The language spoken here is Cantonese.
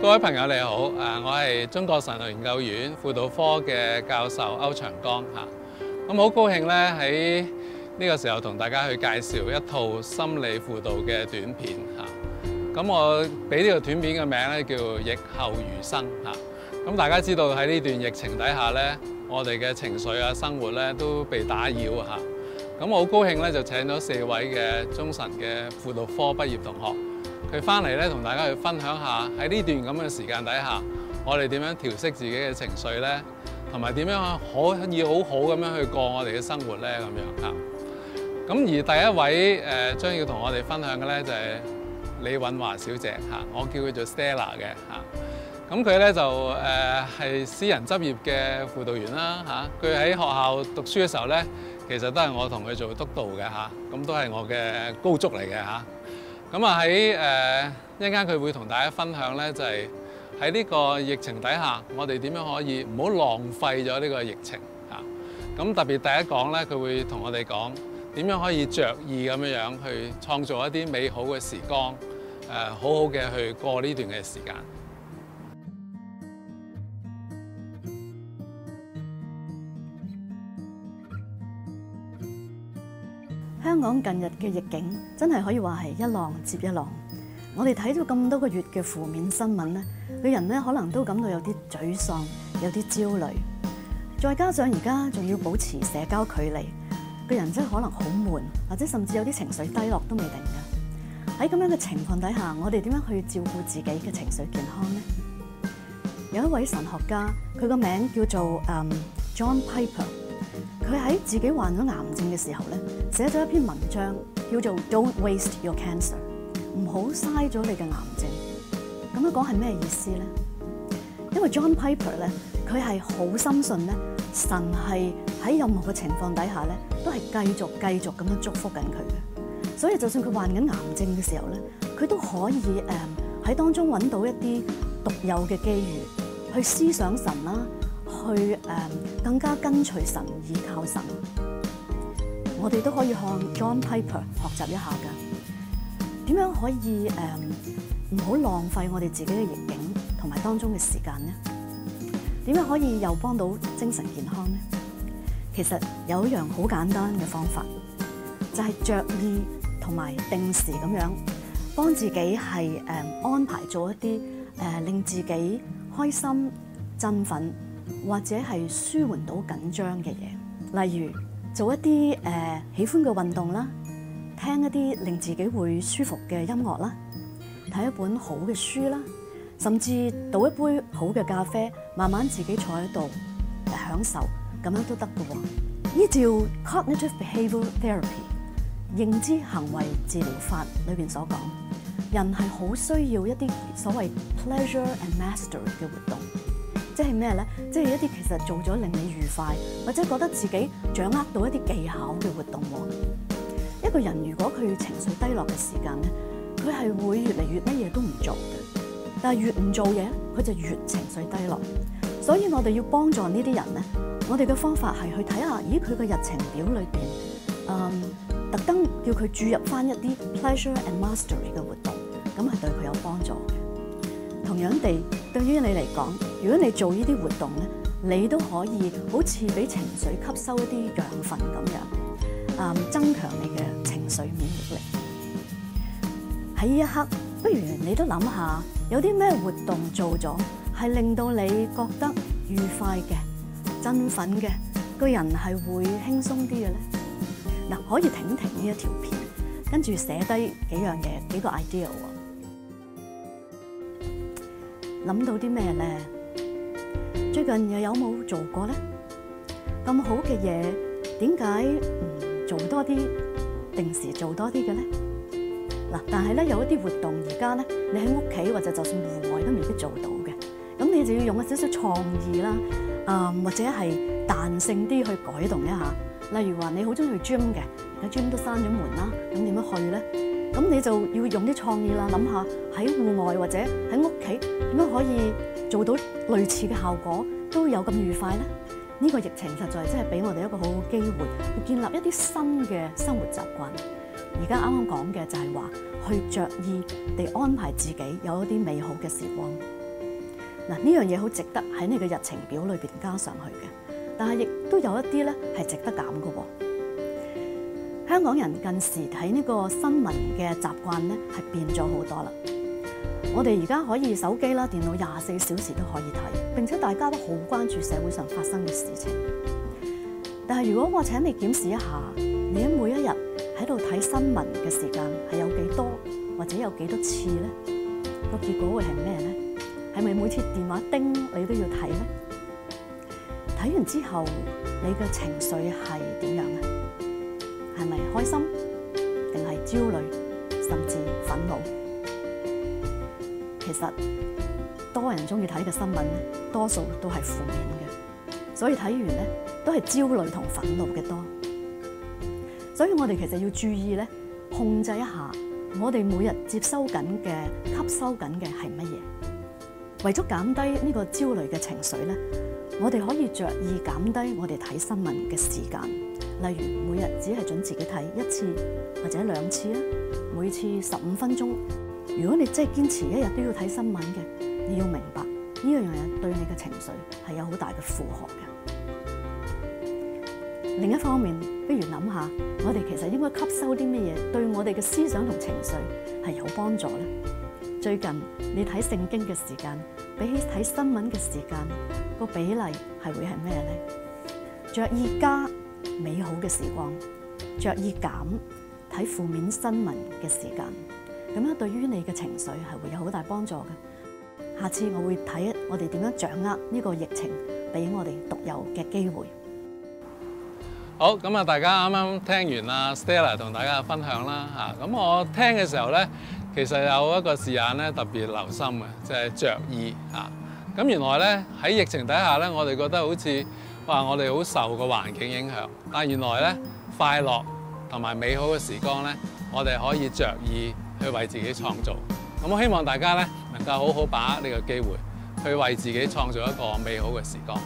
各位朋友你好，啊，我係中國神學研究院輔導科嘅教授歐長江吓，咁好高興咧喺呢個時候同大家去介紹一套心理輔導嘅短片吓，咁我俾呢個短片嘅名咧叫逆後餘生吓，咁大家知道喺呢段疫情底下咧，我哋嘅情緒啊、生活咧都被打擾吓。咁我好高興咧，就請咗四位嘅中神嘅輔導科畢業同學，佢翻嚟咧，同大家去分享下喺呢段咁嘅時間底下，我哋點樣調適自己嘅情緒咧，同埋點樣可以好好咁樣去過我哋嘅生活咧咁樣嚇。咁而第一位、呃、將要同我哋分享嘅咧就係、是、李韻華小姐嚇，我叫佢做 Stella 嘅嚇。咁佢咧就係、呃、私人執業嘅輔導員啦嚇。佢喺學校讀書嘅時候咧。其實都係我同佢做督導嘅嚇，咁都係我嘅高足嚟嘅嚇。咁啊喺誒一陣間佢會同大家分享呢，就係喺呢個疫情底下，我哋點樣可以唔好浪費咗呢個疫情啊。咁特別第一講呢，佢會同我哋講點樣可以着意咁樣樣去創造一啲美好嘅時光，誒好好嘅去過呢段嘅時間。香港近日嘅逆境真係可以話係一浪接一浪，我哋睇咗咁多個月嘅負面新聞咧，個人咧可能都感到有啲沮喪、有啲焦慮，再加上而家仲要保持社交距離，個人真係可能好悶，或者甚至有啲情緒低落都未定噶。喺咁樣嘅情況底下，我哋點樣去照顧自己嘅情緒健康咧？有一位神學家，佢個名叫做 John Piper。佢喺自己患咗癌症嘅時候咧，寫咗一篇文章，叫做 Don't waste your cancer，唔好嘥咗你嘅癌症。咁樣講係咩意思咧？因為 John Piper 咧，佢係好深信咧，神係喺任何嘅情況底下咧，都係繼續繼續咁樣祝福緊佢嘅。所以就算佢患緊癌症嘅時候咧，佢都可以誒喺當中揾到一啲獨有嘅機遇，去思想神啦、啊。去、嗯、更加跟隨神，依靠神。我哋都可以向 John Piper 學習一下㗎。點樣可以誒唔好浪費我哋自己嘅逆境同埋當中嘅時間呢？點樣可以又幫到精神健康呢？其實有一樣好簡單嘅方法，就係、是、着意同埋定時咁樣幫自己係、嗯、安排咗一啲、嗯、令自己開心振奮，或者係舒緩到緊張嘅嘢，例如做一啲、呃、喜歡嘅運動啦，聽一啲令自己會舒服嘅音樂啦，睇一本好嘅書啦，甚至倒一杯好嘅咖啡，慢慢自己坐喺度享受，咁樣都得㗎喎。依照 cognitive behavioral therapy 認知行為治療法裏面所講，人係好需要一啲所謂 pleasure and mastery 嘅活動。即係咩咧？即係一啲其實做咗令你愉快，或者覺得自己掌握到一啲技巧嘅活動喎。一個人如果佢情緒低落嘅時間咧，佢係會越嚟越乜嘢都唔做嘅。但係越唔做嘢，佢就越情緒低落。所以我哋要幫助呢啲人咧，我哋嘅方法係去睇下，咦佢個日程表裏邊，嗯，特登叫佢注入翻一啲 pleasure and mastery 嘅活動，咁係對佢有幫助嘅。同樣地。對於你嚟講，如果你做呢啲活動咧，你都可以好似俾情緒吸收一啲養分咁樣，誒、嗯，增強你嘅情緒免疫力。喺呢一刻，不如你都諗下，有啲咩活動做咗係令到你覺得愉快嘅、振奮嘅，個人係會輕鬆啲嘅咧。嗱、嗯嗯嗯嗯嗯，可以停停呢一條片，跟住寫低幾樣嘢，幾個 idea。諗到啲咩咧？最近又有冇做過咧？咁好嘅嘢，點解唔做多啲？定時做多啲嘅咧？嗱，但係咧，有一啲活動而家咧，你喺屋企或者就算戶外都未必做到嘅。咁你就要用一少少創意啦，啊、呃，或者係彈性啲去改動一下。例如話你好中意去 gym 嘅，而家 gym 都閂咗門啦，咁點樣去咧？咁你就要用啲創意啦，諗下喺戶外或者喺屋企點樣可以做到類似嘅效果，都有咁愉快咧？呢個疫情實在真係俾我哋一個好好機會，去建立一啲新嘅生活習慣。而家啱啱講嘅就係話，去着意地安排自己有一啲美好嘅時光。嗱，呢樣嘢好值得喺你嘅日程表裏面加上去嘅。但係亦都有一啲咧係值得減㗎喎。香港人近時睇呢個新聞嘅習慣咧，係變咗好多啦。我哋而家可以手機啦、電腦廿四小時都可以睇，並且大家都好關注社會上發生嘅事情。但係如果我請你檢視一下，你喺每一日喺度睇新聞嘅時間係有幾多，或者有幾多次咧？個結果會係咩咧？係咪每次電話叮你都要睇咧？睇完之後，你嘅情緒係點樣？心，定係焦慮，甚至憤怒。其實多人中意睇嘅新聞咧，多數都係負面嘅，所以睇完咧都係焦慮同憤怒嘅多。所以我哋其實要注意咧，控制一下我哋每日接收緊嘅、吸收緊嘅係乜嘢？為咗減低呢個焦慮嘅情緒咧，我哋可以着意減低我哋睇新聞嘅時間。例如每日只係准自己睇一次或者兩次啊，每次十五分鐘。如果你真係堅持一日都要睇新聞嘅，你要明白呢一樣嘢對你嘅情緒係有好大嘅負荷嘅。另一方面，不如諗下我哋其實應該吸收啲咩嘢對我哋嘅思想同情緒係有幫助咧？最近你睇聖經嘅時間比起睇新聞嘅時間個比例係會係咩咧？仲有而家。美好嘅時光，着意減睇負面新聞嘅時間，咁咧對於你嘅情緒係會有好大幫助嘅。下次我會睇我哋點樣掌握呢個疫情俾我哋獨有嘅機會。好，咁啊，大家啱啱聽完啦 Stella 同大家分享啦嚇，咁我聽嘅時候咧，其實有一個字眼咧特別留心嘅，就係着意嚇。咁原來咧喺疫情底下咧，我哋覺得好似，話我哋好受個環境影響，但原來呢快樂同埋美好嘅時光呢，我哋可以着意去為自己創造。咁我希望大家呢，能夠好好把握呢個機會，去為自己創造一個美好嘅時光。